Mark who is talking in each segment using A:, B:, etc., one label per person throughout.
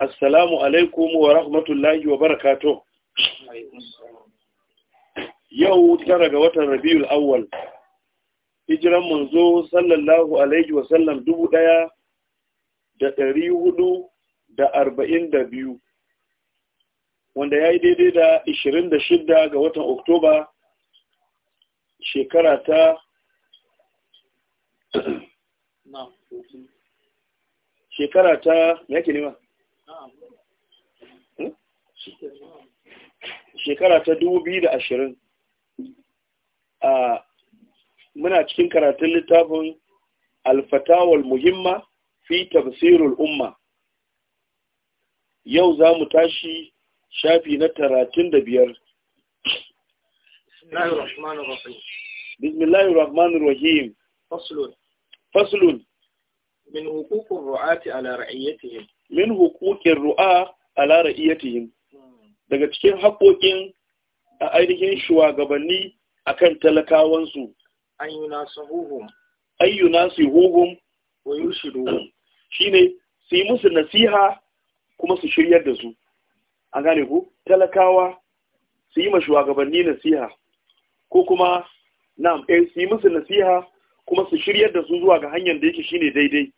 A: assalamu alaikum wa rahmatullahi wa barakatuh yau tara ga watan rabiul awwal hijiran manzo sallallahu alaihi wa sallam dubu daya da dari hudu da arba'in da biyu wanda ya yi daidai da ishirin da shidda ga watan oktoba shekara ta shekara ta ya nema Hmm? shekara ta dubu biyu da ashirin a muna cikin karatun littafin alfatawal muhimma fi tafsirul umma yau za mu tashi shafi na talatin da biyar bismillahirrahmanirrahim bismillahirrahmanirrahim faslun min huququr ru'ati ala ra'iyatihim min hukukin ru'a ala ra'iyatihim daga cikin haƙoƙin ainihin shugabanni akan talakawansu an yunasihuhum ay yunasihuhum wa yurshiduhum shine su yi musu nasiha kuma su shiryar da su an gane ku talakawa su yi ma shugabanni nasiha ko kuma na'am eh su yi musu nasiha kuma su shiryar da su zuwa ga hanyar da yake shine daidai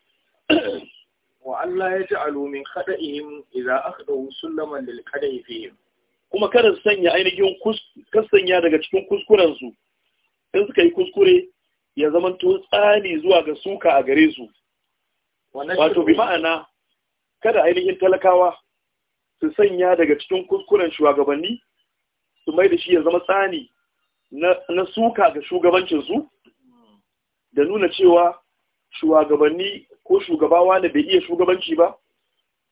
A: wa Allah ya ji alumin kada'ihim idan aka ɗau sulaman lil kada'i fihim kuma kada su sanya ainihin kasanya daga cikin kuskurensu in suka yi kuskure ya zama tsani zuwa ga suka a gare su wato bi ma'ana kada ainihin talakawa su sanya daga cikin kuskuren shugabanni su mai da shi ya zama tsani na suka ga shugabancinsu da nuna cewa shugabanni ko shugabawa na bai iya shugabanci ba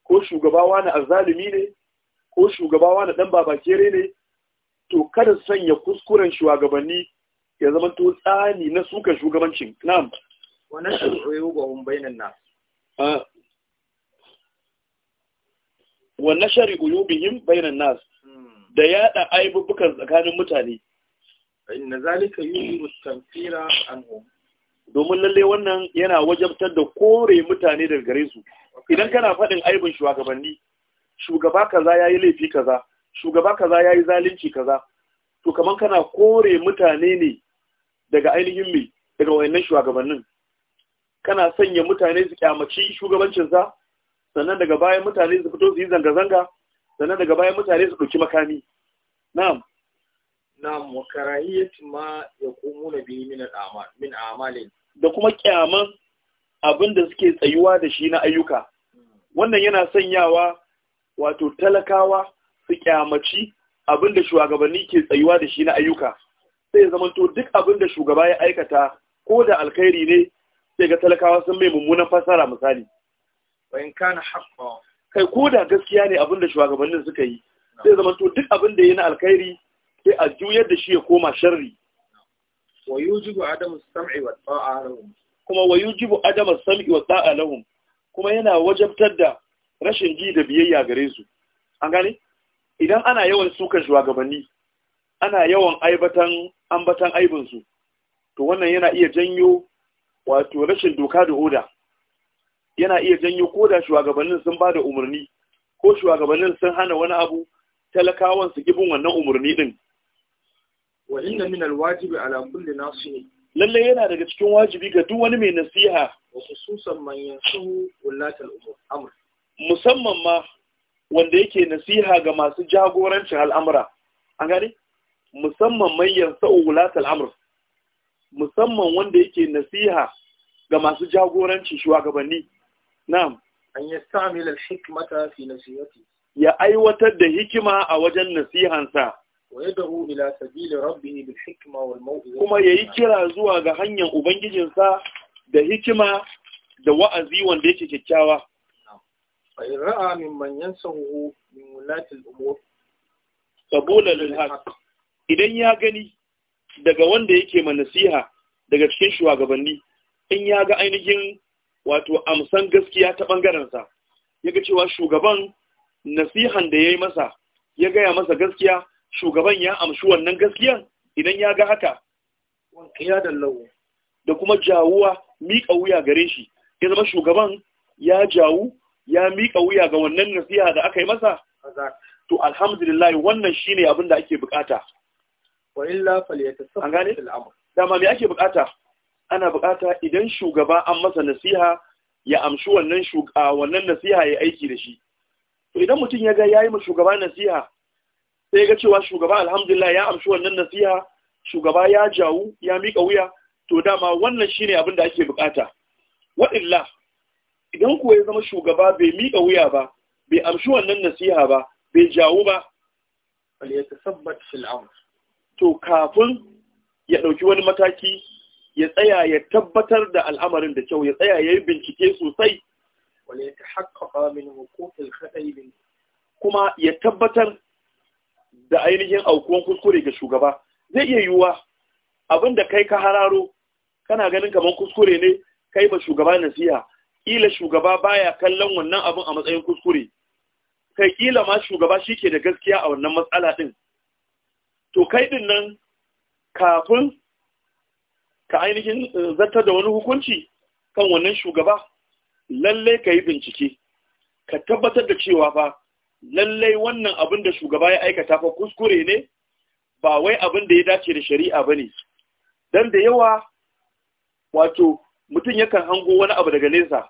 A: ko shugabawa na azalimi ne ko shugabawa na dan babakere ne to kada sanya kuskuren shugabanni ya zama to tsani na suka shugabancin na'am wannan shuru'u ga hum bainan nas wa nashari uyubihim bainan nas hmm. da yada aibubukan tsakanin mutane inna zalika yuru tanfira anhum domin lalle wannan yana wajabtar da kore mutane daga gare su idan kana faɗin aibin shugabanni shugaba kaza yayi laifi kaza shugaba kaza yayi zalunci kaza to kaman kana kore mutane ne daga ainihin me daga wayannan shugabannin kana sanya mutane su kyamaci shugabancin sa sannan daga bayan mutane su fito su yi zanga zanga sannan daga bayan mutane su ɗauki makami na'am na'am wa karahiyatu ma yaqumuna bihi min al'amal min a'malin da kuma kyaman abin da suke tsayuwa da shi na ayyuka wannan yana sanyawa wato talakawa su kyamaci abin da shugabanni ke tsayuwa da shi na ayyuka sai zamanto duk abin da shugaba ya aikata ko da alkhairi ne sai ga talakawa sun mai mummunan fasara misali wayan kana haqqa kai ko da gaskiya ne abin da shugabannin suka yi sai zamanto duk abin da yana alkhairi sai a juyar da shi ya koma sharri wa yujibu adamu sam'i wa ta'a lahum kuma wayu yujibu adamu sam'i wa ta'a lahum kuma yana wajabtar da rashin ji da biyayya gare su an gane idan ana yawan sukan shugabanni ana yawan aibatan ambatan aibin su to wannan yana iya janyo wato rashin doka da oda yana iya janyo ko da shugabannin sun ba da umarni ko shugabannin sun hana wani abu talakawan su gibin wannan umarni din wa inna min alwajibi ala kulli nasihi lalle yana daga cikin wajibi ga duk wani mai nasiha wa khususan man yansuhu wallatal amr musamman ma wanda yake nasiha ga masu jagorancin al'amura an gane musamman man yansuhu wallatal amr musamman wanda yake nasiha ga masu jagorancin shugabanni na'am an yastamil alhikmata fi nasihati ya aiwatar da hikima a wajen nasihansa ويدعو إلى سبيل ربه بالحكمة والموعظة كما يكرا زوا ga hanyar ubangijinsa da hikima da wa'azi wanda yake kyakkyawa fa in ra'a mimman yansahu min wulati al-umur qabula lil haqq idan ya gani daga wanda yake ma nasiha daga cikin shugabanni in ya ga ainihin wato amsan gaskiya ta ɓangarensa, sa yaga cewa shugaban nasihan da yayi masa ya gaya masa gaskiya shugaban ya amshi wannan gaskiyan idan ya ga haka wankiya da lawo da kuma jawuwa miƙa wuya gare shi ya zama shugaban ya jawu ya miƙa wuya ga wannan nasiha da aka yi masa to alhamdulillah wannan shine abin da ake bukata wa illa falyatasaffal Da dama me ake bukata ana bukata idan shugaba an masa nasiha ya amshi wannan wannan nasiha ya aiki da shi to idan mutum ya ga yayi ma shugaba nasiha sai ga cewa shugaba alhamdulillah ya amshi wannan nasiha shugaba ya jawu ya mika wuya to dama wannan shine abin da ake bukata illa idan kuwa ya zama shugaba bai mika wuya ba bai amshi wannan nasiha ba bai jawu ba bal ya tsabbat fil amr to kafin ya dauki wani mataki ya tsaya ya tabbatar da al'amarin da kyau ya tsaya ya yi bincike sosai wala ya tahaqqaqa min huquqil kuma ya tabbatar da ainihin aukuwan kuskure ga shugaba zai iya yiwuwa abin da kai ka hararo kana ganin kamar kuskure ne kai ba shugaba nasiha kila shugaba baya kallon wannan abin a matsayin kuskure kai kila ma shugaba shi ke da gaskiya a wannan matsala ɗin. to kai din nan kafin ka ainihin eh, zartar da wani hukunci kan wannan shugaba Lallai ka yi bincike ka tabbatar da cewa fa lallai wannan abin da shugaba ya aikata fa kuskure ne ba wai abin da ya dace da shari'a ba ne don da yawa wato mutum yakan hango wani abu daga nesa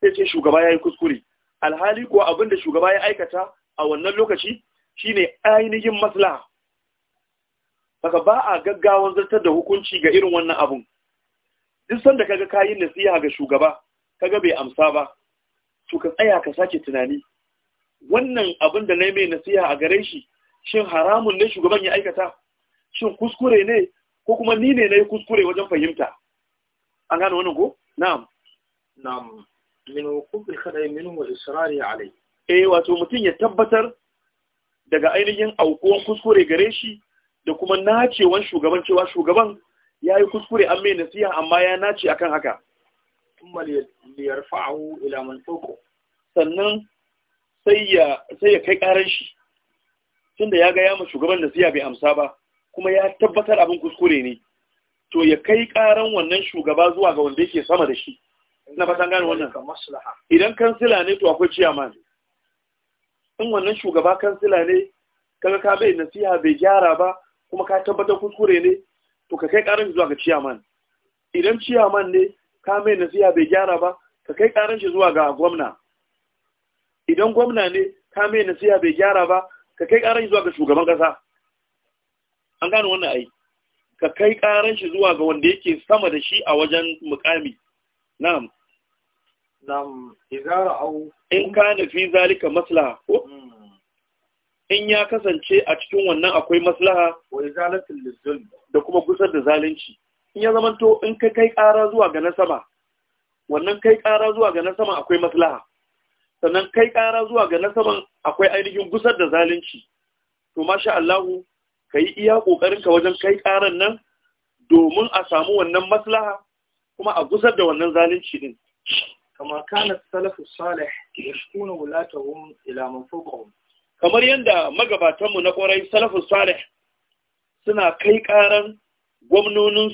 A: sai ce shugaba ya yi kuskure alhali kuwa abin da shugaba ya aikata a wannan lokaci shine ainihin maslaha saka ba a gaggawan zartar da hukunci ga irin wannan abun duk sanda kaga kayin nasiha ga shugaba kaga bai amsa ba to ka tsaya ka sake tunani wannan abin da na mai nasiha a gare shi shin haramun ne shugaban ya aikata shin kuskure ne ko kuma ni ne na yi kuskure wajen fahimta an gane wannan ko na'am na'am min hukumin kadai min wa a alai eh wato mutum ya tabbatar daga ainihin aukuwan kuskure gare shi da kuma nacewan shugaban cewa shugaban ya yi kuskure an mai nasiha amma ya nace akan haka sannan sai ya kai karan shi tunda ya ga yamma ma shugaban da siya bai amsa ba kuma ya tabbatar abin kuskure ne to ya kai karan wannan shugaba zuwa ga wanda yake sama da shi ina fatan gane wannan idan kansila ne to akwai ciyaman in wannan shugaba kansila ne kaga ka bai nasiha bai gyara ba kuma ka tabbatar kuskure ne to ka kai karan zuwa ga ciyaman idan ciyaman ne ka mai nasiha bai gyara ba ka kai karan shi zuwa ga gwamna idan gwamna ne ka mai nasiha bai gyara ba ka kai karan zuwa ga shugaban kasa an gano wannan ai ka kai karan shi zuwa ga wanda yake sama da shi a wajen mukami na'am na'am izara au in kana fi zalika maslaha ko hmm. in ya kasance a cikin wannan akwai maslaha wa izalatul lizzul da kuma gusar da zalunci in ya zamanto in ka kai kara zuwa ga na sama wannan kai kara zuwa ga na sama akwai maslaha sannan kai ƙara zuwa ga nasaban akwai ainihin gusar da zalunci to masha Allahu ka yi iya ka wajen kai karan nan domin a samu wannan maslaha kuma a gusar da wannan zalunci din kama kana salafu salih yashkuna wulatahum ila man fawqahum kamar yanda magabatan mu na ƙorai salafu salih suna kai ƙaran gwamnonin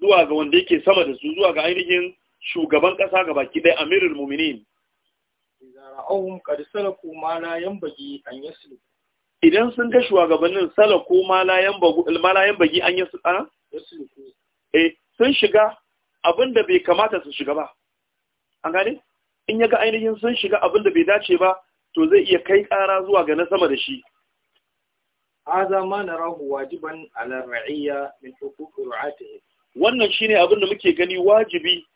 A: zuwa ga wanda yake sama da su zuwa ga ainihin shugaban ƙasa ga baki ɗaya amirul mu'minin ra'awun qad salaku ma la yanbaghi an yaslu idan sun ga shugabannin salaku ma la yanbaghi ma la yanbaghi an yaslu eh sun shiga abinda bai kamata su shiga ba an gane in yaga ainihin sun shiga abinda bai dace ba to zai iya kai kara zuwa ga na sama da shi hadha ma narahu wajiban ala raiyya min huquqi ru'atihi wannan shine abin da muke gani wajibi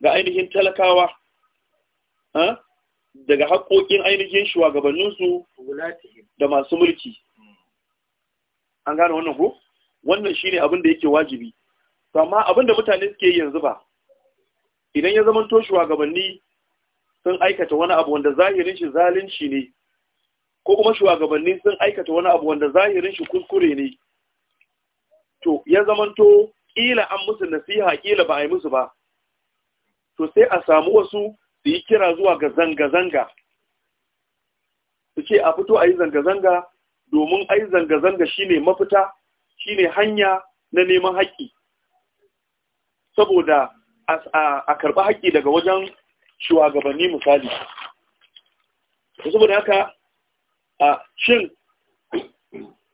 A: ga ainihin talakawa daga haƙoƙin ainihin shugabanninsu da masu mulki an gane wannan ko wannan shine abin da yake wajibi amma abin da mutane suke yanzu ba idan ya zama to shugabanni sun aikata wani abu wanda zahirin shi zalunci ne ko kuma shugabanni sun aikata wani abu wanda zahirin shi kuskure ne to ya zama to kila an musu nasiha kila ba a yi musu ba to sai a samu wasu su yi kira zuwa ga zanga-zanga su ce a fito a yi zanga-zanga domin a yi zanga-zanga shine mafita shine hanya na neman haƙƙi saboda a karɓi haƙƙi daga wajen shugabanni misali saboda haka a shin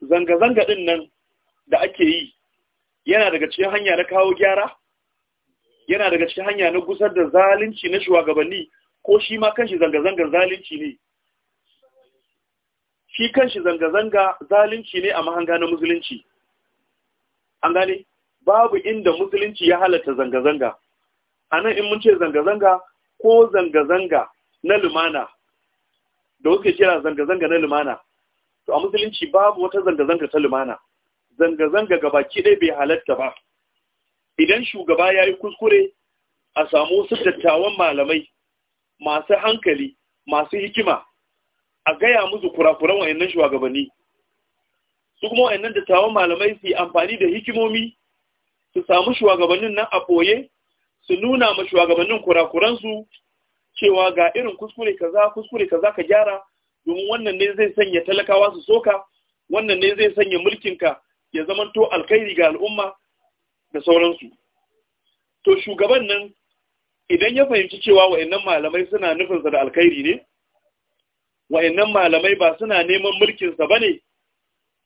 A: zanga-zanga ɗin nan da ake yi yana daga cikin hanya na kawo gyara yana daga cikin hanya na gusar da zalunci na shugabanni ko shi ma kanshi zanga-zangar zalunci ne shi kanshi zanga-zanga zalunci ne a mahanga na musulunci an gane babu inda musulunci ya halatta zanga-zanga a nan in mun ce zanga-zanga ko zanga-zanga na lumana da wuce kira zanga-zanga na lumana to a musulunci babu wata zanga-zanga ta lumana zanga-zanga gabaki ɗaya bai halatta ba idan shugaba ya yi kuskure a samu su dattawan malamai masu hankali masu hikima a gaya musu kurakuran wa'annan shugabanni su kuma wa'annan dattawan malamai su yi amfani da hikimomi su samu shugabannin nan a ɓoye su nuna ma shugabannin kurakuransu cewa ga irin kuskure ka za, kuskure ka za ka gyara domin wannan ne zai sanya talakawa su soka wannan ne zai sanya mulkinka ya zamanto alkhairi ga al'umma da sauransu to shugaban nan idan ya fahimci cewa wa'annan malamai suna nufinsa da alkhairi ne wa'annan malamai ba suna neman mulkinsa ba ne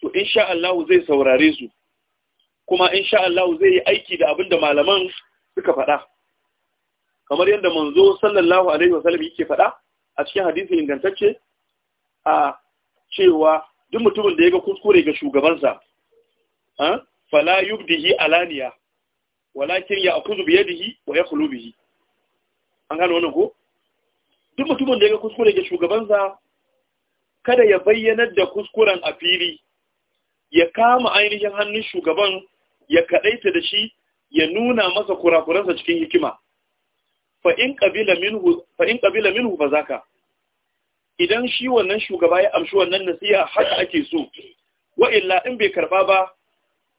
A: to insha Allah zai saurare su kuma insha Allah zai yi aiki da abin da malaman suka faɗa kamar yadda manzo sallallahu alaihi wasallam yake faɗa a cikin hadisi ingantacce a cewa duk mutumin da ya ga kuskure ga shugabansa fala yubdihi alaniya walakin ya akuzu bi yadihi wa an gano wannan ko duk mutumin da ya kuskure ga shugabansa kada ya bayyanar da kuskuren a fili ya kama ainihin hannun shugaban ya kadaita da shi ya nuna masa kurakuransa cikin hikima fa in qabila minhu fa zaka idan shi wannan shugaba ya amshi wannan nasiha haka ake so wa illa in bai karba ba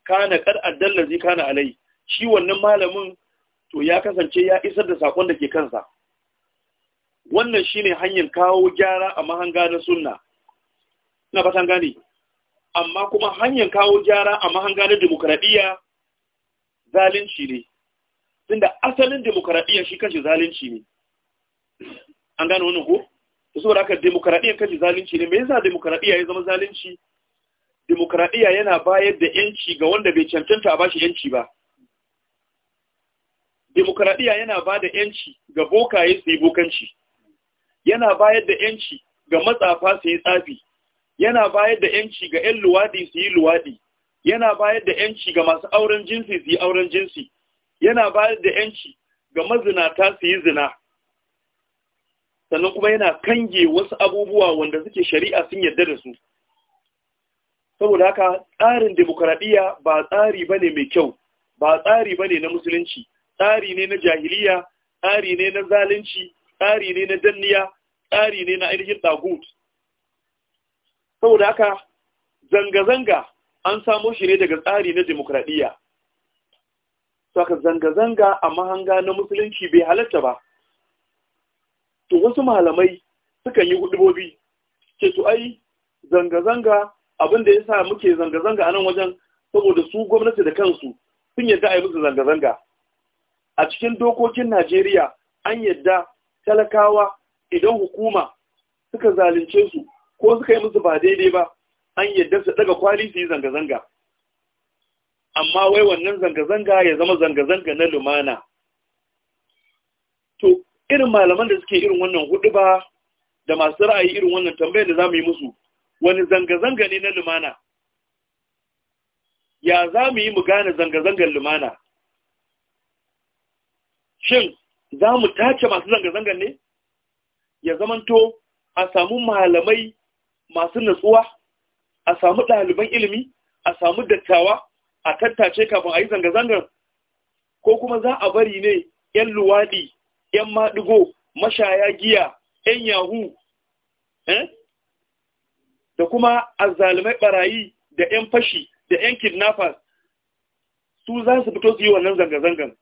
A: kana kar addallazi kana alai shi wannan malamin to ya kasance ya isar da sakon da ke kansa wannan shine hanyar kawo gyara a mahanga na sunna ina fatan gane amma kuma hanyar kawo gyara a mahanga na demokradiyya zalunci ne tunda asalin demokradiyya shi kanshi zalunci ne an gane wannan ko to saboda haka demokradiyya kanshi zalunci ne me yasa demokradiyya ya zama zalunci demokradiyya yana bayar da yanci ga wanda bai cancanta a bashi yanci ba demokradiyya yana ba da yanci ga bokaye su yi bokanci yana bayar da yanci ga matsafa su yi tsafi yana bayar da yanci ga 'yan luwaɗi su yi luwaɗi yana bayar da yanci ga masu auren jinsi su yi auren jinsi yana bayar da yanci ga mazinata su yi zina sannan kuma yana kange wasu abubuwa wanda suke shari'a sun yarda da su saboda haka tsarin demokradiyya ba tsari bane mai kyau ba tsari bane na musulunci tsari ne na jahiliya tsari ne na zalunci tsari ne na danniya tsari ne na ainihin tagut saboda haka zanga-zanga an samo shi ne daga tsari na demokradiyya saka zanga-zanga a mahanga na musulunci bai halatta ba to wasu malamai sukan yi hudubobi ce to ai zanga-zanga abin da ya sa muke zanga-zanga a nan wajen saboda su gwamnati da kansu sun yadda a yi musu zanga-zanga a cikin dokokin Najeriya an yadda talakawa idan hukuma suka zalunce su ko suka yi musu ba daidai ba an yadda su daga kwali su yi zanga-zanga amma wai wannan zanga-zanga ya zama zanga-zanga na lumana to irin malaman da suke irin wannan hudu ba da masu ra'ayi irin wannan tambayar da za mu yi musu wani zanga-zanga ne na lumana ya za mu yi mu gane zanga-zangar lumana shin za mu tace masu zanga-zangar ne ya zamanto a samu malamai masu natsuwa a samu ɗaliban ilimi a samu dattawa a tattace kafin a yi zanga-zangar ko kuma za a bari ne 'yan luwaɗi 'yan maɗigo mashaya giya 'yan yahu eh? da kuma azzalumai barayi da 'yan fashi da 'yan kidnappers su za su fito su yi wannan zanga-zangan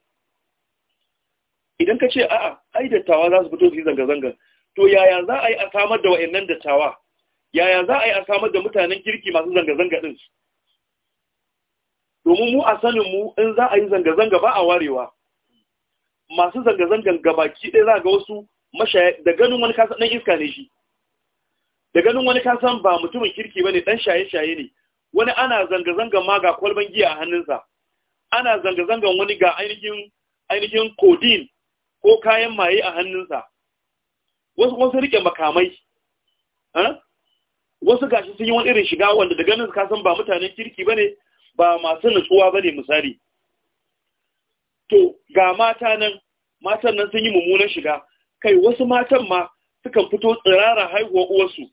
A: idan ka ce a'a ai dattawa za su fito su yi zanga zanga to yaya za a yi a samar da wa'annan dattawa yaya za a yi a samar da mutanen kirki masu zanga-zanga ɗin domin mu a sanin mu in za a yi zanga-zanga ba a warewa masu zanga-zangan gabaki ɗaya za ga wasu mashaya da ganin wani kasa ɗan iska ne shi da ganin wani ka san ba mutumin kirki bane dan shaye-shaye ne wani ana zanga-zangan ma ga kwalban giya a hannunsa ana zanga-zangan wani ga ainihin ainihin ko kayan maye a hannunsa wasu wasu rike makamai wasu gashi sun yi wani irin shiga wanda da ganin ka san ba mutanen kirki bane ba masu nutsuwa bane misali to ga mata nan matan nan sun yi mummunan shiga kai wasu matan ma sukan fito tsirara haihuwar uwarsu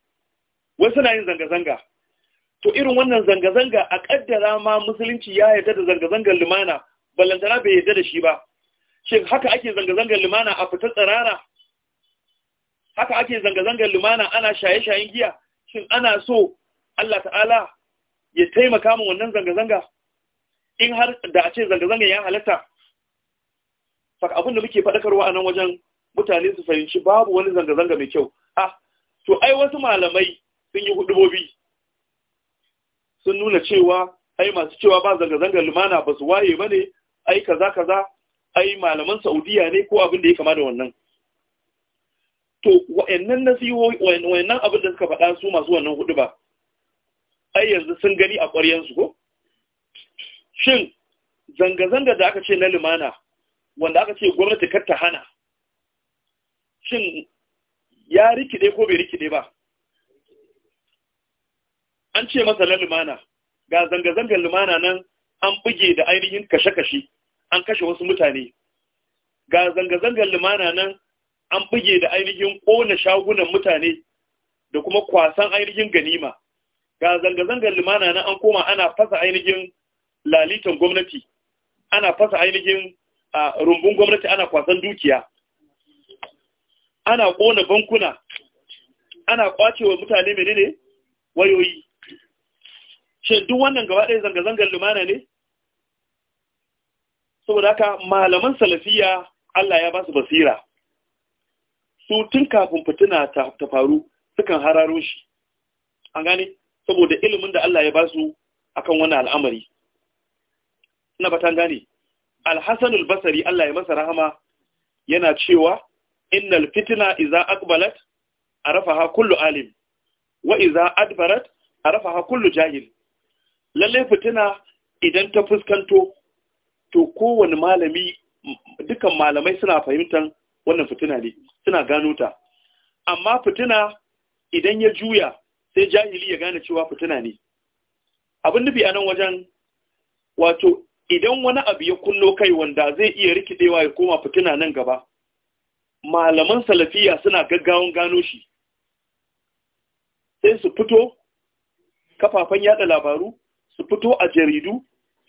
A: wasu suna yin zanga-zanga to irin wannan zanga-zanga a kaddara ma musulunci ya yarda da zanga-zangar lumana ballantana bai yarda da shi ba shin haka ake zanga-zangar lumana a fitar tsirara haka ake zanga-zangar lumana ana shaye-shayen giya shin ana so Allah ta'ala ya taimaka mu wannan zanga-zanga in har da a ce zanga-zanga ya halatta faka abin da muke faɗakarwa a nan wajen mutane su fahimci babu wani zanga-zanga mai kyau ah to ai wasu malamai sun yi hudubobi sun nuna cewa ai masu cewa ba zanga-zangar lumana ba su waye ba ne ai kaza kaza ai malaman saudiya ne ko abin da ya kama da wannan to wa'annan nasihohi wa'annan abin da suka faɗa su masu wannan hudu ba ai yanzu sun gani a su ko shin zanga-zanga da aka ce na lumana wanda aka ce gwamnati kar ta hana shin ya rikide ko bai rikide ba an ce masa lalumana ga zanga-zangar lumana nan an buge da ainihin kashe-kashe an kashe wasu mutane ga zanga-zangar lumana nan an buge da ainihin kona shagunan mutane da kuma kwasan ainihin ganima ga zanga-zangar lumana nan an koma ana fasa ainihin lalitan gwamnati ana fasa ainihin rumbun gwamnati ana kwasan dukiya ana kona bankuna ana ƙwacewa mutane menene wayoyi ce duk wannan gaba ɗaya zanga-zangar lumana ne saboda haka malaman salafiya Allah ya ba su basira su tun kafin fitina ta faru sukan hararo shi an gane saboda ilimin da Allah ya ba su akan wani al'amari ina ba ta gane al Allah ya masa rahama yana cewa innal fitna iza aqbalat arafaha kullu alim wa iza adbarat arafaha kullu jahil lallai fitina idan ta fuskanto to kowane malami dukan malamai suna fahimtar wannan fitina ne suna gano ta amma fitina idan ya juya sai jahili ya gane cewa fitina ne abin nufi a nan wajen wato idan wani abu ya kunno kai wanda zai iya rikidewa ya koma fitina nan gaba malaman salafiya suna gaggawan gano shi sai su fito kafafen yada labaru su fito a jaridu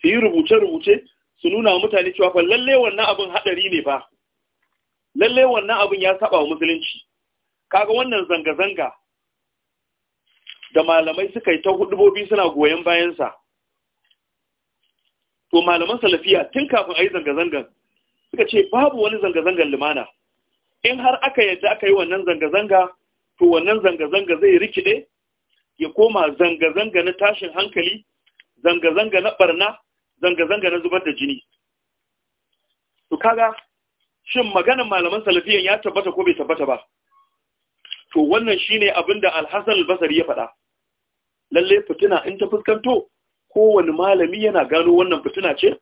A: su yi rubuce-rubuce su nuna wa mutane cewa fa lalle wannan abin haɗari ne ba. lalle wannan abin ya saba wa musulunci kaga wannan zanga-zanga da malamai suka yi ta hudubobi suna goyon bayansa to malaman salafiya tun kafin a yi zanga-zangan suka ce babu wani zanga-zangan lumana in har aka yadda aka yi wannan zanga-zanga to wannan zanga-zanga zai rikide ya koma zanga-zanga na tashin hankali zanga-zanga na barna zanga-zanga na zubar da jini to kaga shin maganar malaman salafiyan ya tabbata ko bai tabbata ba to wannan shine abinda alhassan albasari ya faɗa lalle fitina in ta fuskanto kowane malami yana gano wannan fitina ce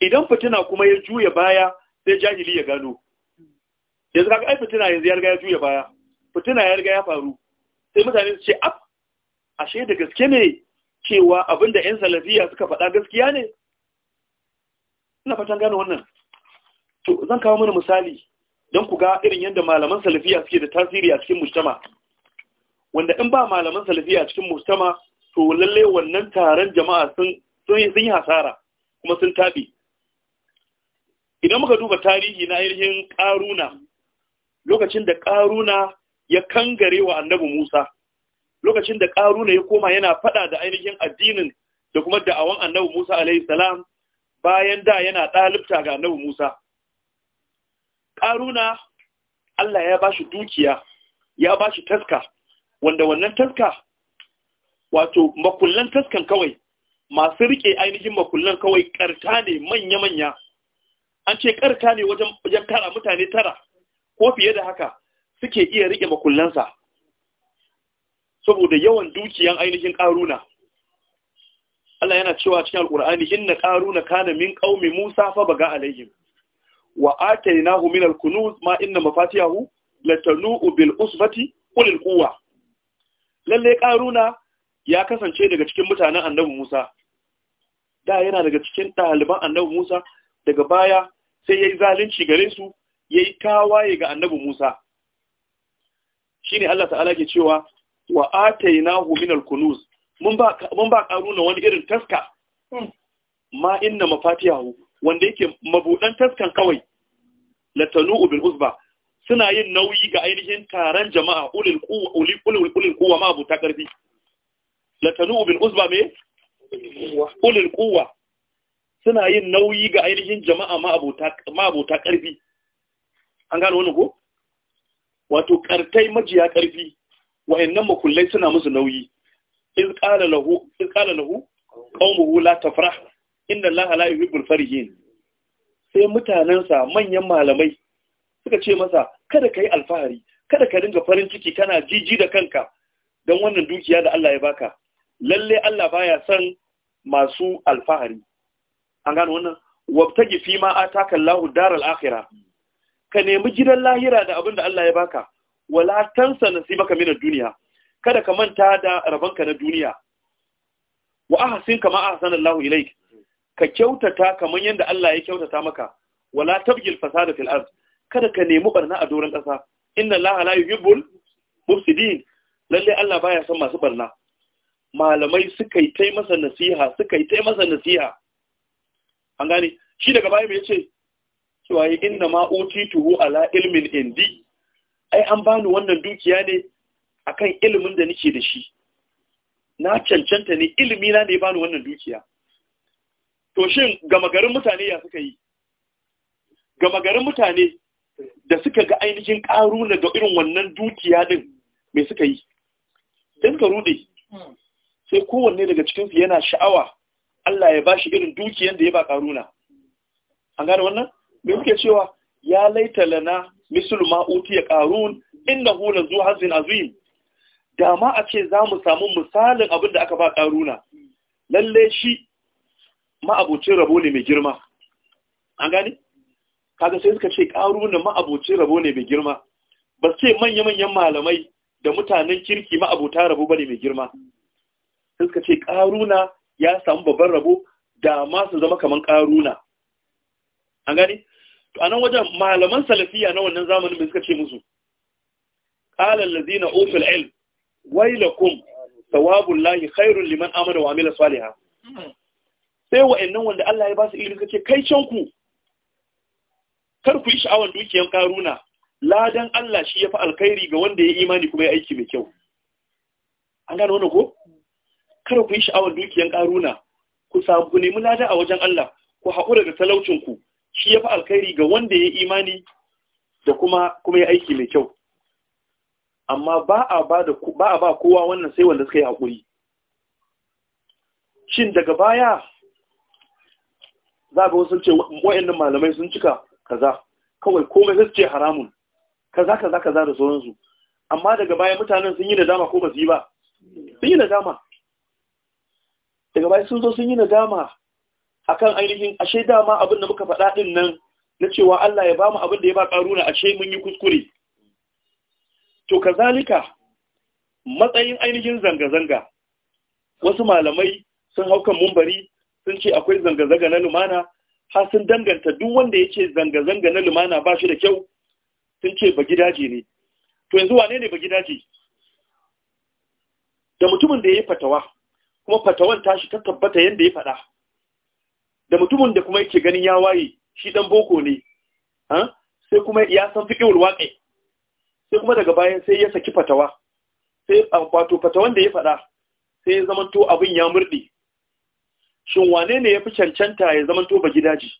A: idan fitina kuma ya juya baya sai jahili ya gano yanzu kaga ai fitina yanzu ya riga ya juya baya fitina ya riga ya faru sai mutane su ce af ashe da gaske ne cewa abinda 'yan salafiya suka faɗa gaskiya ne ina fatan gane wannan to zan kawo mana misali don ku ga irin yadda malaman salafiya suke da tasiri a cikin mujtama wanda in ba malaman salafiya a cikin mujtama to lalle wannan taron jama'a sun yi hasara kuma sun taɓe. idan muka duba tarihi na ainihin ƙaruna lokacin da ƙaruna ya kangare wa annabi Musa lokacin da ƙaruna ya koma yana faɗa da ainihin addinin da kuma da'awan annabi Musa alaihi salam bayan da yana ɗalibta ga annabi Musa ƙaruna Allah ya ba shi dukiya ya ba shi taska wanda wannan taska wato makullan taskan kawai masu rike ainihin makullan kawai karta ne manya-manya an ce karta ne wajen kara mutane tara ko fiye da haka suke iya rike makullansa saboda yawan dukiyan ainihin ƙaruna Allah yana cewa cikin alƙur'ani inna ƙaruna kana min qaumi Musa fa baga alaihim wa atainahu min al ma inna mafatihahu latanu bil usbati ulil Kuwa. lalle ƙaruna ya kasance daga cikin mutanen annabi Musa da yana daga cikin ɗaliban annabi Musa daga baya sai yayi zalunci gare su yayi tawaye ga annabi Musa Shi ne Allah ta'ala ke cewa wa atainahu min al-kunuz mun ba mun ba karuna wani irin taska hmm. ma inna mafatihahu wanda yake mabudan taskan kawai latanu bil uzba suna yin nauyi ga ainihin taron jama'a ulil quwwa ulil quwwa ma abuta karfi latanu bil uzba me ulil quwwa suna yin nauyi ga ainihin jama'a ma abuta ma abuta karfi an gano wannan ko wato kartai majiya karfi wa'annan makullai suna musu nauyi iz qala lahu iz qala lahu la tafrah inna allaha la yuhibbul farihin sai mutanansa manyan malamai suka ce masa kada ka yi alfahari kada ka dinga farin ciki kana jiji da kanka don wannan dukiya da Allah ya baka lalle Allah baya son masu alfahari an gano wannan wabtagi fi ma ataka Allahu daral akhirah ka nemi gidan lahira da abin da Allah ya baka wala tansa nasibaka min duniya duniya. kada ka manta da rabanka na duniya wa ahsin kama ahsana Allahu ilayk ka kyautata kaman yanda Allah ya kyautata maka wala tabghil fasada fil ard kada ka nemi barna a doron kasa inna Allah la yuhibbul mufsidin lalle Allah baya son masu barna malamai suka yi tai masa nasiha suka yi tai masa nasiha an gane shi daga baya me yace cewa inna ma utituhu ala ilmin indi ai an bani wannan dukiya ne akan ilimin da nake da shi na cancanta ne ilimina na ne bani wannan dukiya to shin gama garin mutane ya suka yi gama garin mutane da suka ga ainihin karuna ga irin wannan dukiya din me suka yi dan ka rude sai kowanne daga cikinsu yana sha'awa Allah ya bashi irin dukiyan da ya ba karuna an gane wannan me suke cewa ya laita lana mislu ma utiya qarun innahu lazu hazin azim da ma a ce za mu samu misalin abin da aka ba ƙaruna lalle shi ma'abocin rabo ne mai girma an gani? kaga sai suka ce ƙaruna ma'abocin rabo ne mai girma ba ce manya-manyan malamai da mutanen kirki ma'abota rabo ba ne mai girma sai suka ce ƙaruna ya samu babban rabo da ma su zama kamar ƙaruna an gani? to nan wajen malaman salafiya na wannan zamanin mai suka ce musu qala allazina utul ilm wailakum thawabul lahi khairul liman amana wa amila saliha sai wa'annan wanda Allah ya ba su ilimi suka kai can ku kar ku yi sha'awan dukiyar karuna ladan Allah shi ya fi alkhairi ga wanda ya yi imani kuma ya aiki mai kyau an gano wani ko kar yi sha'awan dukiyar karuna ku samu nemi ladan a wajen Allah ku haƙura da talaucinku. shi ya fi alkhairi ga wanda ya imani da kuma kuma ya aiki mai kyau amma ba a ba ba kowa wannan sai wanda suka yi haƙuri shin daga baya za ga wasu ce wa'annan malamai sun cika kaza kawai komai sai su ce haramun kaza kaza kaza da sauransu amma daga baya mutanen sun yi nadama ko ba su yi ba sun yi nadama daga baya sun zo sun yi nadama akan ainihin ashe dama abin da muka faɗa din nan na cewa Allah ya ba mu abin da ya ba karuna ashe mun yi kuskure to kazalika matsayin ainihin zanga-zanga wasu malamai sun hau kan mumbari sun ce akwai zanga-zanga na lumana har sun danganta duk wanda ya ce zanga-zanga na lumana ba shi da kyau sun ce ba gidaje ne to yanzu wane ne ba gidaje da mutumin da ya yi fatawa kuma fatawan tashi ta tabbata yadda ya faɗa da mutumin da kuma yake ganin ya waye shi dan boko ne sai kuma ya san fiqhul waqi sai kuma daga bayan sai ya saki fatawa sai ah, wato fatawan da ya faɗa sai ya zamanto abin ya murɗe shin wane ne ya fi cancanta ya zamanto ba gidaji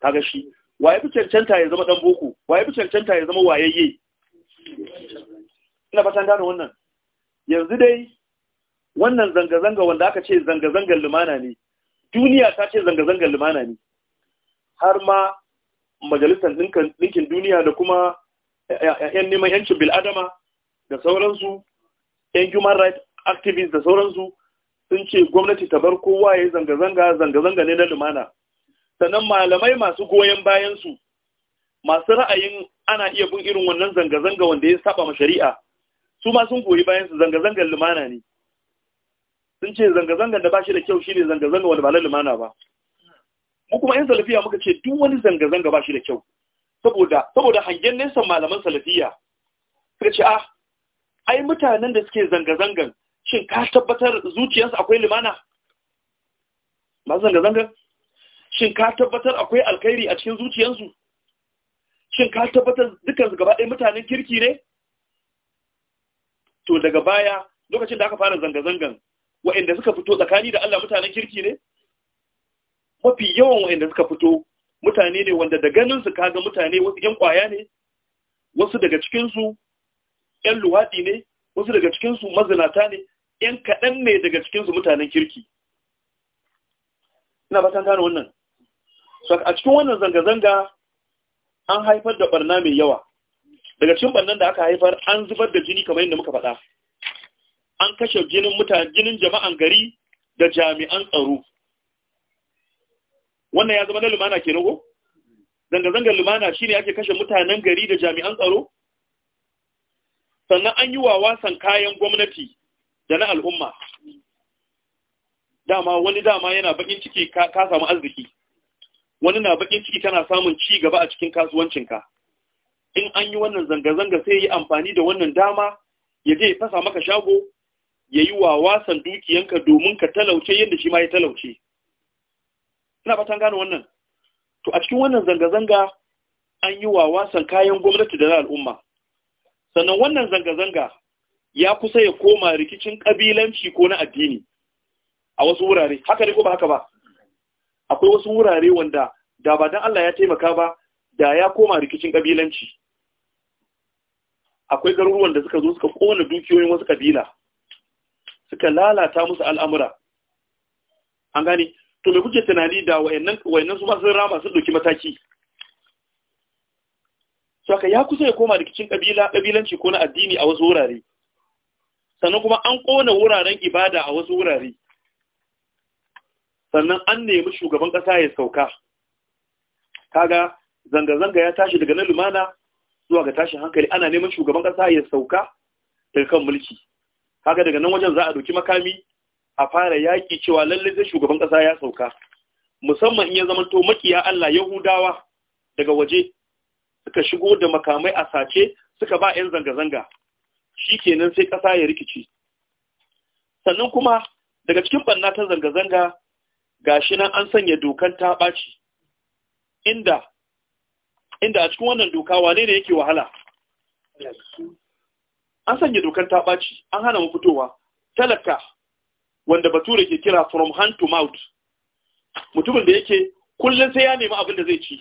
A: kaga shi wa ya fi cancanta ya zama dan boko wa ya fi cancanta ya zama wayayye ina fatan gane wannan yanzu dai wannan zanga-zanga wanda aka ce zanga-zangar lumana ne duniya ta ce zanga-zangar lumana ne har ma majalisar ɗinkin duniya da kuma yan neman yancin bil'adama da sauransu yan human rights activists da sauransu sun ce gwamnati ta bar kowa ya yi zanga-zanga zanga-zanga ne na lumana sannan malamai masu goyon bayansu masu ra'ayin ana iya bin irin wannan zanga-zanga wanda ya saba ma shari'a su ma sun goyi bayansu zanga-zangar lumana ne sun ce zanga-zangan da ba shi da kyau shine zanga-zanga wanda ba na lumana ba mu kuma yan salafiya muka ce duk wani zanga-zanga ba shi da kyau saboda saboda hangen nesa malaman salafiya suka ce ah ai mutanen da suke zanga-zangan shin ka tabbatar zuciyarsu akwai lumana masu zanga-zangan shin ka tabbatar akwai alkhairi a cikin zuciyarsu shin ka tabbatar dukkan gaba ɗaya mutanen kirki ne to daga baya lokacin da aka fara zanga-zangan Wa'inda suka fito tsakani da Allah mutanen kirki ne mafi yawan wa'inda suka fito mutane ne wanda da ganin su kaga mutane wasu 'yan kwaya ne wasu daga cikinsu 'yan luwaɗi ne wasu daga cikinsu mazinata ne 'Yan kaɗan ne daga cikinsu mutanen kirki ina ba gane wannan a cikin wannan zanga-zanga an haifar da barna mai yawa daga cikin barnan da aka haifar an zubar da jini kamar yadda muka faɗa an kashe jinin mutane jinin jama'an gari da jami'an tsaro wannan ya zama na lumana ke nago zanga-zangar lumana shine ake kashe mutanen gari da jami'an tsaro sannan an yi wa wasan kayan gwamnati da na al'umma dama wani dama yana bakin ciki ka samu arziki wani na bakin ciki tana samun ci gaba a cikin kasuwancinka in an yi wannan zanga-zanga sai yi amfani da wannan dama ya je fasa maka shago ya yi wawasan dukiyanka domin ka talauce yadda shi ma ya talauce ina fatan gano wannan to a cikin wannan zanga-zanga an yi wasan kayan gwamnati da na al'umma sannan wannan zanga-zanga ya kusa ya koma rikicin kabilanci ko na addini a wasu wurare haka ne ko ba haka ba akwai wasu wurare wanda da ba dan Allah ya taimaka ba da ya koma rikicin kabilanci akwai garuruwan da suka zo suka kona dukiyoyin wasu kabila suka lalata musu al'amura an gani to me kuke tunani da wayannan su ma sun rama sun ɗauki mataki aka ya kusa ya koma rikicin ƙabila ƙabilanci ko na addini a wasu wurare sannan kuma an ƙona wuraren ibada a wasu wurare sannan an nemi shugaban ƙasa ya sauka kaga zanga-zanga ya tashi daga na lumana zuwa ga tashin hankali ana neman shugaban ƙasa ya sauka daga kan mulki kaga daga nan wajen za a ɗauki makami a fara yaƙi cewa lallai zai shugaban ƙasa ya sauka musamman in ya zama to makiya Allah Yahudawa daga waje suka shigo da makamai a sace suka ba 'yan zanga-zanga shi kenan sai ƙasa ya rikici sannan kuma daga cikin banna ta zanga-zanga gashi nan an sanya dokan ta ɓaci inda inda a cikin wannan doka wane ne yake wahala an sanya dokar ta ɓaci an hana mu fitowa talaka wanda bature ke kira from hand to mouth mutumin da yake kullum sai ya nemi abin da zai ci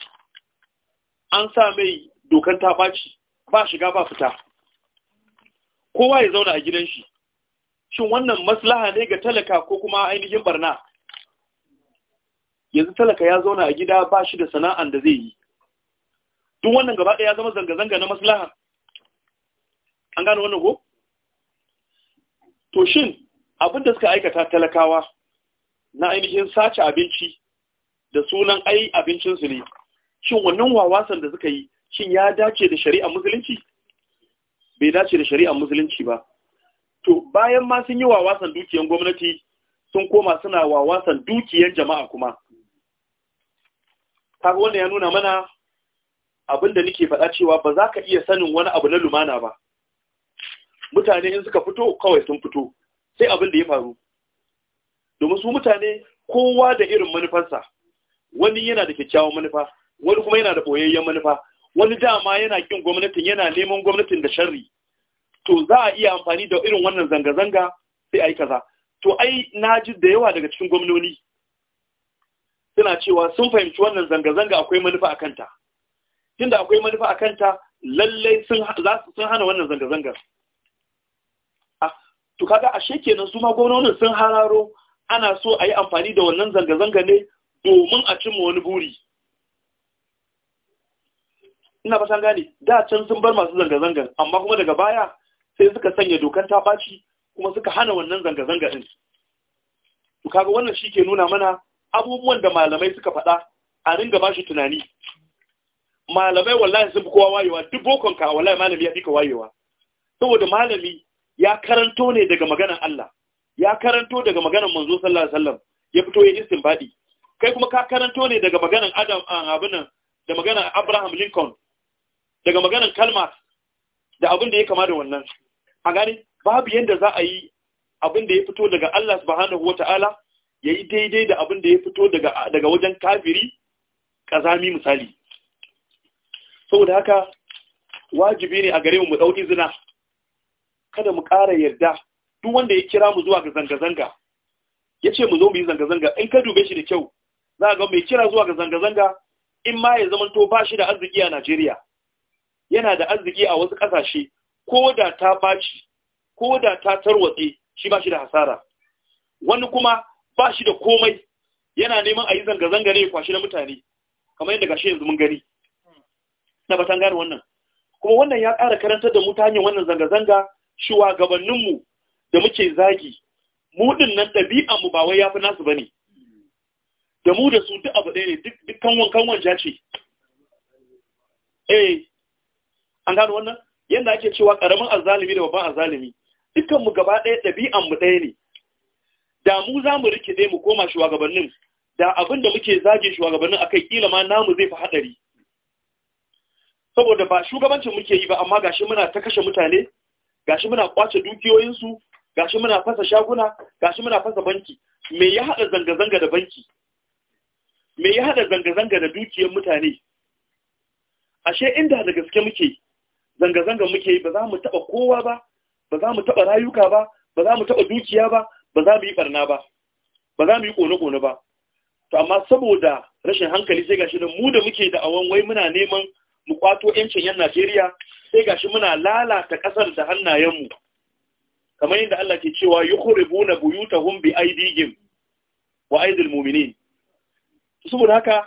A: an sa mai dokar ta ɓaci ba shiga ba fita kowa ya zauna a gidan shi shin wannan maslaha ne ga talaka ko kuma ainihin barna yanzu talaka ya zauna a gida ba shi da sana'an da zai yi duk wannan gaba ɗaya ya zama zanga-zanga na maslaha an gano wannan ko to shin abin da suka aikata talakawa na ainihin sace abinci da sunan ai abincinsu ne shin wannan wawasan da suka yi shin ya dace da shari'a musulunci bai dace da shari'ar musulunci ba to bayan ma sun yi wawasan dukiyan gwamnati sun koma suna wawasan dukiyan jama'a kuma kaga wannan ya nuna mana abin da nake faɗa cewa ba za ka iya sanin wani abu na lumana ba mutane in suka fito kawai sun fito sai abin da ya faru domin su mutane kowa da irin manufarsa wani yana da kyakkyawan manufa wani kuma yana da boyayyen manufa wani dama yana kin gwamnatin yana neman gwamnatin da sharri to za a iya amfani da irin wannan zanga-zanga sai a yi kaza to ai na ji da yawa daga cikin gwamnoni suna cewa sun fahimci wannan zanga-zanga akwai manufa a kanta tunda akwai manufa a kanta lallai sun hana wannan zanga-zangar to kaga ashe kenan su ma sun hararo ana so a yi amfani da wannan zanga-zanga ne domin a cimma wani buri ina ba gane da can sun bar masu zanga zanga amma kuma daga baya sai suka sanya dokan ta baci kuma suka hana wannan zanga-zanga din. to kaga wannan shi ke nuna mana abubuwan da malamai suka faɗa a ringa ba shi tunani malamai wallahi sun fi kowa wayewa duk bokonka ka wallahi malami ya fi ka wayewa saboda malami ya karanto ne daga maganan Allah ya karanto daga maganar manzo sallallahu alaihi wasallam ya fito ya istinbadi kai kuma ka karanto ne daga maganar Adam ah, abin nan da maganar Abraham Lincoln daga maganar Kalmar da abin da ya kama da wannan a gani babu yanda za a yi abin da ya fito daga Allah subhanahu wataala yayi daidai da abin da ya fito daga daga wajen kafiri kazami misali saboda haka wajibi ne a gare mu mu dauki zina kada mu ƙara yarda duk wanda ya kira mu zuwa ga zanga-zanga ya ce mu zo mu yi zanga-zanga in ka dube shi da kyau za ga mai kira zuwa ga zanga-zanga in ma ya zamanto ba shi da arziki a Najeriya yana da arziki a wasu ƙasashe ko da ta ɓaci ko da ta tarwatse shi ba shi da hasara wani kuma ba shi da komai yana neman a yi zanga-zanga ne kwashi na mutane kamar yadda gashi yanzu mun gani na batan gane wannan kuma wannan ya ƙara karantar da mu wannan zanga-zanga shugabanninmu da muke zagi mu din nan ɗabi'anmu ba wai yafi nasu bane da mu da su duk abu ɗaya ne duk kanwon-kanwon ja ce eh an gano wannan yadda ake cewa ƙaramin azalimi da babban azalimi dukkanmu gaba ɗaya ɗabi'anmu ɗaya ne da mu za mu rike dai mu koma shugabannin da abin da muke zagin shugabannin akai kila ma namu zai fi haɗari saboda ba shugabancin muke yi ba amma gashi muna ta kashe mutane gashi muna kwace dukiyoyinsu gashi muna fasa shaguna gashi muna fasa banki me ya haɗa zanga-zanga da banki me ya haɗa zanga-zanga da dukiyar mutane ashe inda da gaske muke zanga-zanga muke ba za mu taɓa kowa ba ba za mu taɓa rayuka ba ba za mu taɓa dukiya ba ba za mu yi ɓarna ba ba za mu yi ƙone-ƙone ba to amma saboda rashin hankali sai gashi da mu da muke da awan wai muna neman mu kwato yancin yan Najeriya sai gashi muna lalata ƙasar da hannayenmu kamar yadda Allah ke cewa yukhribuna buyutahum bi aydihim wa aydil mu'minin saboda haka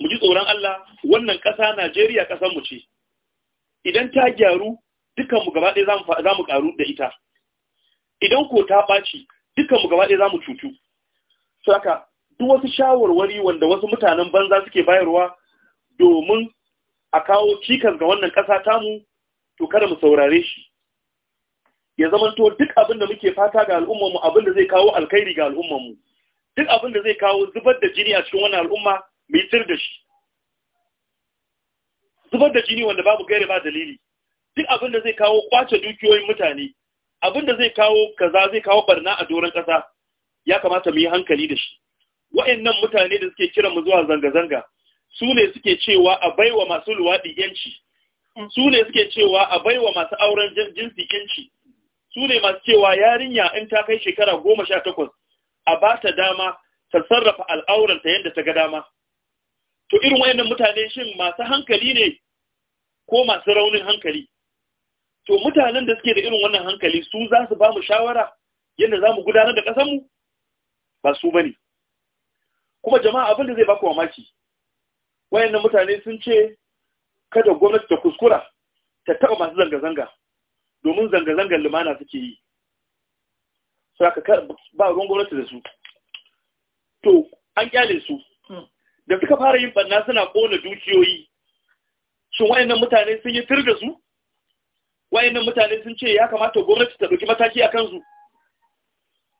A: mu ji tsoron Allah wannan ƙasa Najeriya ƙasanmu mu ce idan ta gyaru dukan gaba ɗaya zamu karu da ita idan ko ta ɓaci dukan mu gaba ɗaya zamu cutu Saka duk wasu shawarwari wanda wasu mutanen banza suke bayarwa domin a kawo cikas ga wannan ƙasa tamu to kada mu saurare shi ya zamanto duk abin da muke fata ga al'ummarmu abin da zai kawo alkhairi ga al'ummarmu duk abin da zai kawo zubar da jini a cikin wannan al'umma mai tsir da shi zubar da jini wanda babu gaire ba dalili duk abin da zai kawo kwace dukiyoyin mutane abin da zai kawo kaza zai kawo barna a doron ƙasa ya kamata mu yi hankali da shi wa'annan mutane da suke kiran mu zuwa zanga-zanga su ne suke cewa a baiwa masu luwaɗi yanci mm. su ne suke cewa a baiwa masu auren jinsi yanci su ne masu cewa yarinya in ta kai shekara goma sha takwas a ba ta dama ta sarrafa al'auranta yadda ta ga dama to irin wayannan mutane shin masu hankali ne ko masu raunin hankali to mutanen da suke da irin wannan hankali su za su ba mu shawara yadda za mu gudanar da ƙasarmu ba su ba ne kuma jama'a abin da zai baku mamaki wayannan mutane sun ce kada gwamnati ta kuskura ta taba masu zanga-zanga domin zanga-zangar lumana suke yi su aka ba ruwan gwamnati da su to an kyale su hmm. da suka fara yin banna suna kona dukiyoyi shin wayannan mutane sun yi tir da su wayannan mutane sun ce ya kamata gwamnati ta ɗauki mataki a kansu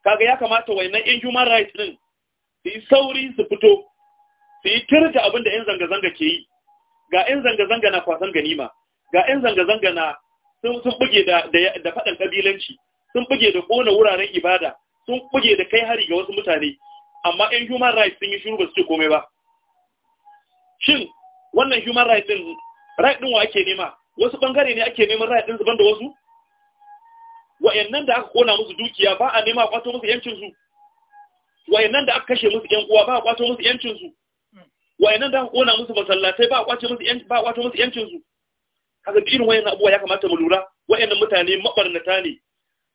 A: kaga ya kamata wayannan yan human rights din su yi sauri su fito su yi kirga abin da 'yan zanga-zanga ke yi ga 'yan zanga-zanga na kwasan ganima ga 'yan zanga-zanga na sun buge da faɗan ƙabilanci sun buge da ƙona wuraren ibada sun buge da kai hari ga wasu mutane amma 'yan human rights sun yi shuru ba su ce komai ba shin wannan human rights ɗin, right ɗin wa ake nema wasu bangare ne ake neman rights ɗin su banda wasu wayannan da aka kona musu dukiya ba a nema kwato musu yancin wayannan da aka kashe musu yan uwa ba a kwato musu 'yancinsu. wayannan da kona musu masallatai ba kwace musu yan ba kwace musu yancin su kaga irin wayan abuwa ya kamata mu lura wayannan mutane mabarnata ne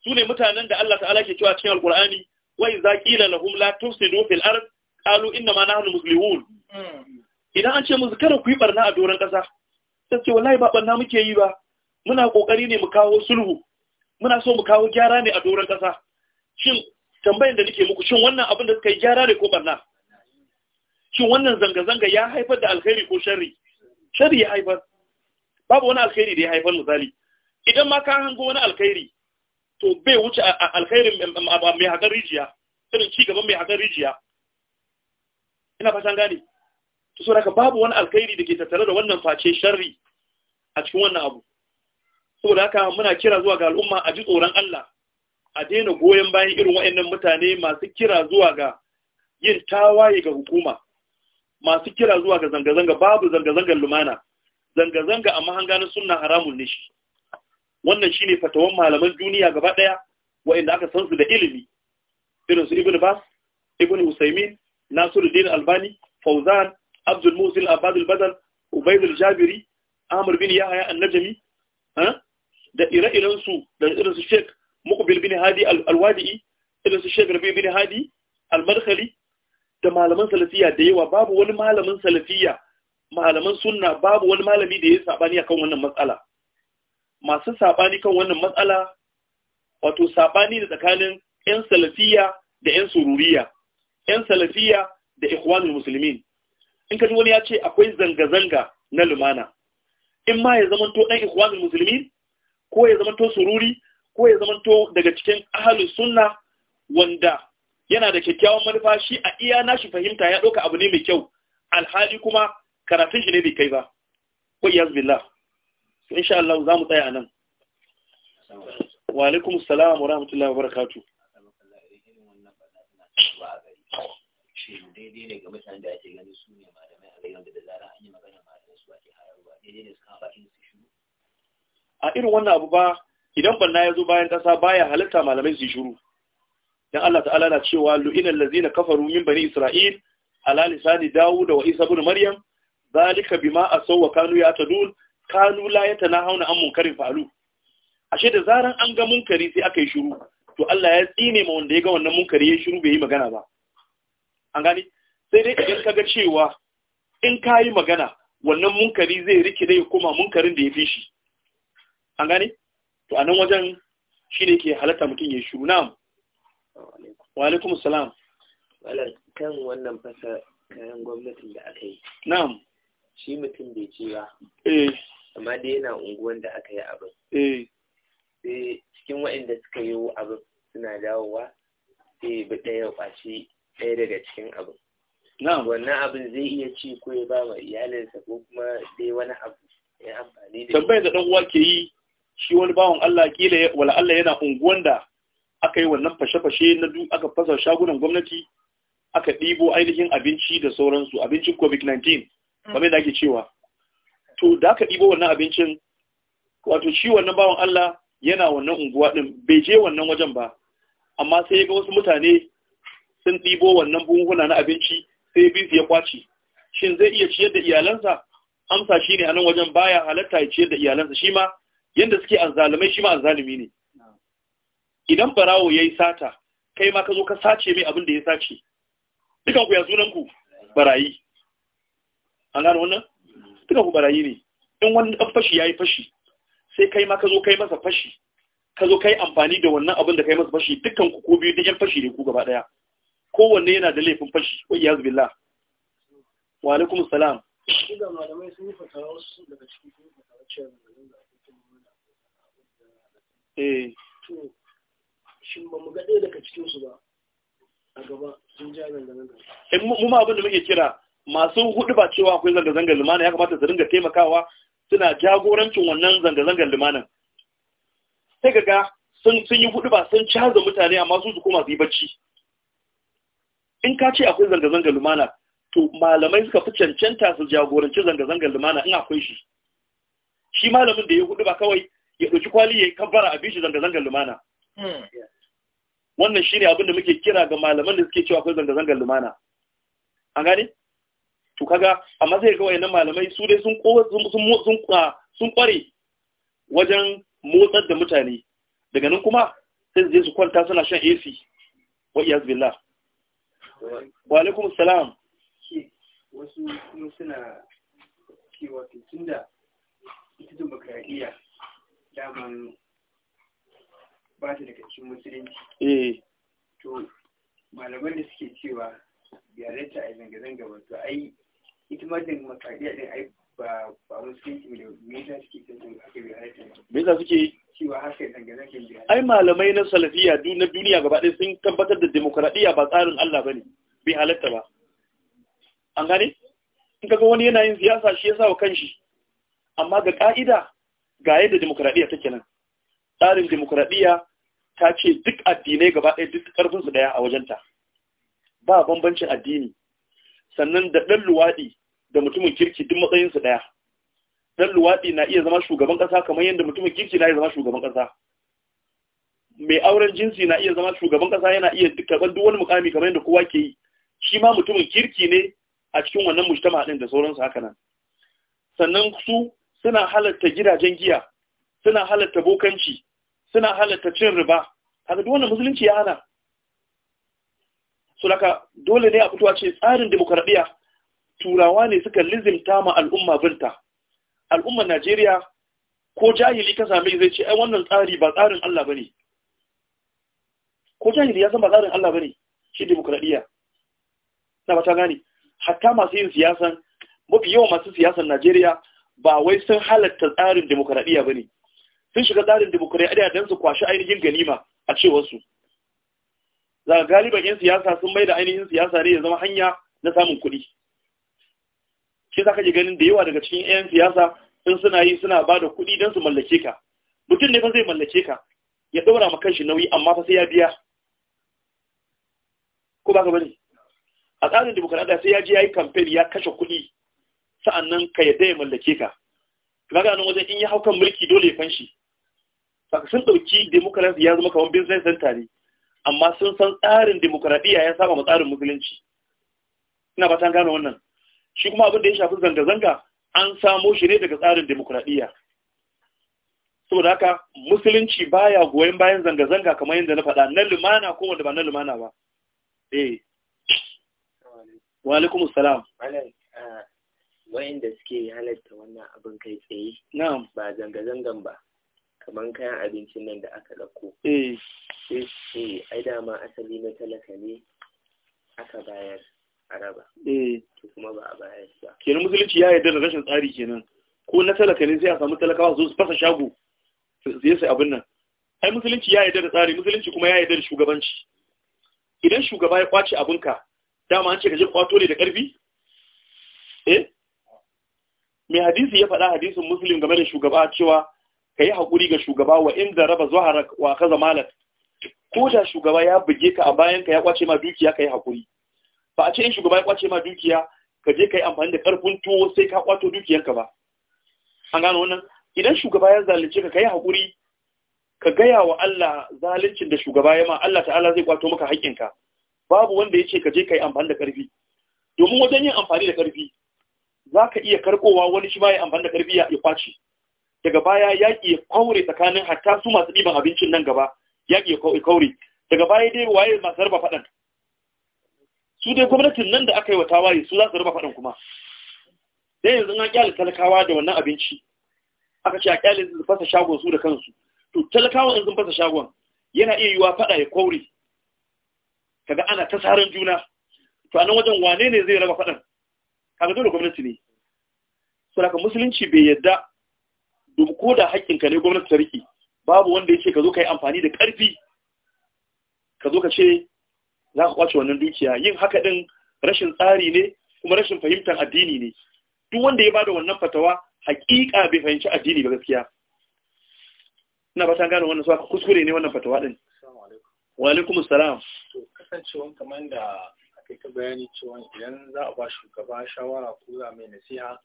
A: su ne mutanen da Allah ta'ala ke cewa cikin alqur'ani wa iza qila lahum la tufsidu fil ard qalu inna ma nahnu muslihun idan an ce musu kada ku yi barna a doron kasa sai ce wallahi ba barna muke yi ba muna kokari ne mu kawo sulhu muna so mu kawo gyara ne a doron kasa shin tambayin da nake muku shin wannan abin da suka yi gyara ne ko barna shin wannan zanga-zanga ya haifar da alkhairi ko shari shari ya haifar babu wani alkhairi da ya haifar misali idan ma ka hango wani alkhairi to bai wuce alkhairin mai haƙar rijiya irin ci gaban mai haƙar rijiya ina fatan gane to so daga babu wani alkhairi da ke tattare da wannan face shari a cikin wannan abu saboda haka muna kira zuwa ga al'umma a ji tsoron Allah a daina goyon bayan irin waɗannan mutane masu kira zuwa ga yin tawaye ga hukuma masu kira zuwa ga zanga-zanga babu zanga-zangar lumana zanga-zanga amma gani suna haramun ne shi wannan shine fatawan malaman duniya gaba ɗaya wa'inda aka san su da ilimi Irinsu Ibn ibnu bas ibnu Nasiru nasiruddin albani fauzan abdul musil abadul badal jabiri amur bin yahaya an-najmi eh, da ire irensu da irinsu Sheik sheikh hadi al irinsu irin rabi bin hadi al da malaman salafiya da yawa babu wani malamin salafiya malaman sunna babu wani malami da ya sabani akan wannan matsala masu sabani kan wannan matsala wato sabani da tsakanin yan salafiya da yan sururiya yan salafiya da ikhwanul muslimin in ka ji wani ya ce akwai zanga-zanga na lumana in ma ya zamanto ɗan ikhwanul muslimin ko ya zamanto sururi ko ya zamanto daga cikin ahlus sunna wanda yana da kyakkyawan manufa shi a iya nashi fahimta ya ɗauka abu ne mai kyau alhali kuma karatun shi ne bai kai ba ko iyaz billah in insha Allah za mu tsaya a nan wa alaikum wa rahmatullahi wa barakatu daidai ne malamai a da zara yi su daidai ne suka shiru a irin wannan abu ba idan banna ya zo bayan ƙasa baya halitta malamai su shiru dan Allah ta'ala na cewa lu'ina ladina kafaru min bani isra'il ala lisani dawud wa isa ibn maryam zalika bima asaw wa kanu yatadun kanu la hauna an munkarin falu ashe da zaran an ga munkari sai aka yi shiru to Allah ya tsine ma wanda ya ga wannan munkari ya shiru bai yi magana ba an gani sai dai idan kaga cewa in ka magana wannan munkari zai rike dai kuma munkarin da ya fi shi an gani to a nan wajen shine ne ke halatta mutum ya shiru na'am wa alaikum salam kan wannan fasa kayan gwamnatin da aka yi na'am shi mutum bai ce ba eh amma dai yana unguwan da aka yi abin eh sai cikin waɗanda suka yi abin suna dawowa sai bi ɗaya ƙwaci ɗaya daga cikin abin wannan abin zai iya ci ko ya ba ma iyalinsa ko kuma dai wani abu ya amfani da tambayar da ɗan uwa ke yi shi wani bawan Allah kila wala Allah yana unguwan da aka yi wannan fashe-fashe na duk aka fasa shagunan gwamnati aka ɗibo ainihin abinci da sauransu abincin covid-19 mm. kamar da ake cewa to da aka ɗibo wannan abincin wato shi wannan bawan Allah yana wannan unguwa ɗin bai je wannan wajen ba amma sai ga wasu mutane sun ɗibo wannan buhuna na abinci sai bisu ya kwace shin zai iya ciyar da iyalansa amsa ne a nan wajen baya halatta ya ciyar da iyalansa shi ma yadda suke azzalumai shi ma azzalumi ne idan barawo ya yi sata kai ma ka zo ka sace mai abin da ya sace duka ku ya sunan ku barayi an gano wannan duka ku barayi ne in wani ɗan fashi ya yi fashi sai kai ma ka zo kai masa fashi ka zo kai amfani da wannan abin da kai masa fashi dukkan ku ko biyu duk yan fashi ne ku gaba Ko kowanne yana da laifin fashi wa iyaz billah wa alaikum salam da eh kuma abin da muke kira masu hudu ba cewa akwai zanga-zangar lumana ya kamata su dinga taimakawa suna jagorancin wannan zanga-zangar limanin sai ga sun sun yi hudu ba sun caza mutane amma su su koma su yi bacci in ka ce akwai zanga-zangar lumana to malamai suka fi cancanta su jagoranci zanga-zangar lumana in akwai shi shi malamin da ya hudu ba kawai ya ɗauki kwali ya kabbara a bishi zanga-zangar lumana hmm. wannan shi ne abin da muke kira ga malaman da suke cewa akwai zanga-zangar lumana an gane to kaga amma matsayi ga wayannan malamai su dai sun sun ah, sun kware wajen motsar da mutane daga nan kuma sai su je su kwanta suna shan AC wa iyaz billah wa alaikum salam wasu kuma suna cewa da ita demokradiyya daman ba ta daga cikin musulunci eh to malaman da suke cewa yarda a zanga-zanga ba to ai ita ma din ai ba ba ne me yasa suke son zanga bai yarda me yasa suke cewa zanga-zanga ai malamai na salafiya na duniya gaba ɗaya sun tabbatar da demokradiyya ba tsarin Allah bane bai halatta ba an gane in kaga wani yana yin siyasa shi yasa wa kanshi amma ga ka'ida ga yadda demokradiyya take nan tsarin demokradiyya ta ce duk addinai gaba ɗaya duk ƙarfinsu ɗaya a wajenta ba bambancin addini sannan da ɗan luwaɗi da mutumin kirki duk matsayinsu ɗaya ɗan luwaɗi na iya zama shugaban ƙasa kamar yadda mutumin kirki na iya zama shugaban ƙasa mai auren jinsi na iya zama shugaban ƙasa yana iya karɓar duk wani mukami kamar yadda kowa ke yi shi ma mutumin kirki ne a cikin wannan mujtama ɗin da sauransu haka nan sannan su suna halarta gidajen giya suna halarta bokanci suna halarta cin riba haka duk wannan musulunci ya hana so laka dole ne a fito a ce tsarin demokradiyya turawa ne suka lizimta ma al'umma birta al'ummar najeriya ko jahili ka same zai ce ai wannan tsari ba tsarin allah ba ne ko jahili ya san ba tsarin allah ba ne shi demokradiyya na ba ta gane hatta masu yin siyasan mafi yawan masu siyasan najeriya ba wai sun halatta tsarin demokradiyya ba ne sun shiga tsarin demokradiyya don su kwashi ainihin ganima a cewarsu za galiban 'yan siyasa sun mai da ainihin siyasa ne ya zama hanya na samun kuɗi shi za ka ji ganin da yawa daga cikin 'yan siyasa in suna yi suna ba da kuɗi don su mallake ka mutum ne fa zai mallake ka ya ɗora ma kanshi nauyi amma fa sai ya biya ko ba ka bane a tsarin dimokuraɗiyya sai ya je ya yi kamfen ya kashe kuɗi sa'annan ka yadda ya mallake ka ka ga nan wajen in ya hau kan mulki dole ya fanshi sun ɗauki dimokuraɗiyya ya zama kamar business center ne amma sun san tsarin demokradiyya ya saba tsarin musulunci ina ba ta gano wannan shi kuma abin da ya shafi zanga-zanga an samo shi ne daga tsarin demokradiyya saboda haka musulunci baya goyon bayan zanga-zanga kamar yadda na faɗa na lumana ko wanda ba na lumana ba eh wa alaikum salam eh, wayanda suke halatta wannan abin kai tsaye na'am ba zanga-zangan ba kaman kayan abincin nan da aka ɗauko. Eh. Sai ce ai dama asali na talaka ne aka bayar a raba. Eh. To kuma ba a bayar ba. Kenan musulunci ya yarda da rashin tsari kenan. Ko na talaka ne sai a samu talakawa su fasa shago su sai abin nan. Ai musulunci ya yarda da tsari musulunci kuma ya yarda da shugabanci. Idan shugaba ya kwace abinka dama an ce ka je kwato ne da ƙarfi? Eh? Mai hadisi ya faɗa hadisin musulun game da shugaba cewa ka yi haƙuri ga shugaba wa inda raba wa ka Malar. ko da shugaba ya buge ka a bayan ka ya kwace ma dukiya ka yi haƙuri ba a ce in shugaba ya kwace ma dukiya ka je ka yi amfani da ƙarfin tuwo sai ka kwato dukiyanka ba an gano wannan idan shugaba ya zalunce ka ka yi haƙuri ka gaya wa Allah zaluncin da shugaba ya ma Allah ta'ala zai kwato maka haƙƙinka babu wanda ya ce ka je ka yi amfani da ƙarfi domin wajen yin amfani da ƙarfi za ka iya karɓowa wani shi ma ya amfani da ƙarfi ya kwace daga baya yaƙi ya kaure tsakanin hatta su masu ɗiban abincin nan gaba yaƙi ya kaure daga baya dai waye masu raba faɗan su dai gwamnatin nan da aka yi wa tawaye su za su raba faɗan kuma dai yanzu an ƙyale talakawa da wannan abinci aka ce a ƙyale su fasa shagon su da kansu to talakawa sun fasa shagon yana iya yiwa faɗa ya kaure kaga ana ta saran juna to anan wajen wane ne zai raba faɗan kaga dole gwamnati ne saboda musulunci bai yadda duk ko da haƙƙinka ne gwamnati ta riƙe babu wanda ya ce ka zo ka yi amfani da ƙarfi ka zo ka ce za ka kwace wannan dukiya yin haka din rashin tsari ne kuma rashin fahimtar addini ne duk wanda ya bada wannan fatawa haƙiƙa bai fahimci addini ba gaskiya ina ba ta gane wannan suwa kuskure ne wannan fatawa din. wa alaikum To kasancewan kamar da aka ta bayani cewa idan za a ba shugaba shawara ko za mai nasiha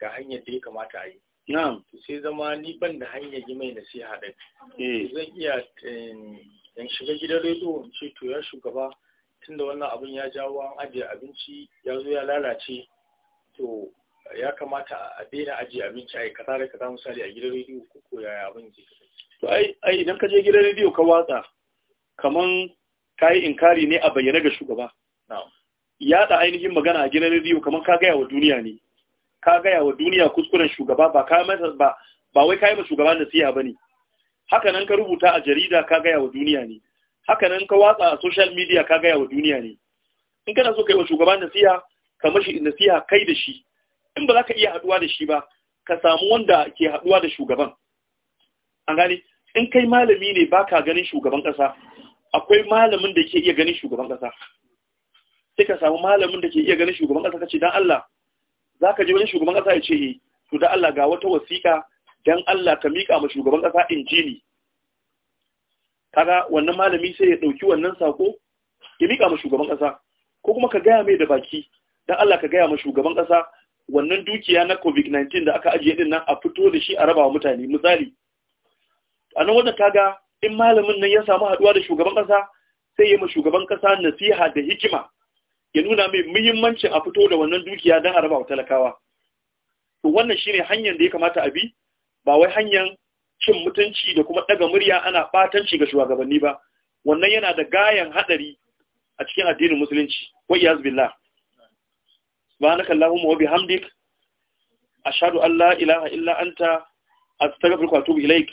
A: ga hanyar da ya kamata a yi na'am sai zama ni ban da hanyar yi mai nasiha din eh. zan iya in shiga gidan rediyo in ce to ya shugaba tunda wannan abin ya jawo an ajiye abinci ya zo ya lalace to ya kamata a daina ajiye abinci a kaza da kaza misali a gidan rediyo ko ko yaya abin ke to ai ai idan ka je gidan rediyo ka watsa kaman yi inkari ne a bayyane ga shugaba na'am yada ainihin magana a gidan rediyo kaman ka gaya wa duniya ne ka gaya wa duniya kuskuren shugaba ba ka masa ba ba wai kai ba shugaba nasiha bane haka nan ka rubuta a jarida ka gaya wa duniya ne haka nan ka watsa a social media ka gaya wa duniya ne in kana so kai wa shugaba nasiha ka mashi nasiha kai da shi in ba za ka iya haduwa da shi ba ka samu wanda ke haduwa da shugaban an gane in kai malami ne ba ka ganin shugaban kasa akwai malamin da ke iya ganin shugaban kasa sai ka samu malamin da ke iya ganin shugaban kasa kace dan Allah za ka ji wani shugaban ƙasa ya ce yi eh, to da Allah ga wata wasiƙa don Allah ka miƙa ma shugaban ƙasa injili kaga wannan malami sai ya ɗauki wannan sako ya miƙa ma shugaban ƙasa ko kuma ka gaya mai da baki don Allah ka gaya ma shugaban ƙasa wannan dukiya na covid-19 da aka ajiye din nan a fito da shi a raba wa mutane misali a nan wanda kaga in malamin nan ya samu haɗuwa da shugaban ƙasa sai ya yi ma shugaban ƙasa nasiha da hikima ya nuna mai muhimmancin a fito da wannan dukiya don a raba wa talakawa to wannan shi ne hanyar da ya kamata a bi ba wai hanyar cin mutunci da kuma ɗaga murya ana ɓatanci ga shugabanni ba wannan yana da gayan haɗari a cikin addinin musulunci wa Ba na subhanaka allahumma wa bihamdik ashhadu an ilaha illa anta astaghfiruka ilaik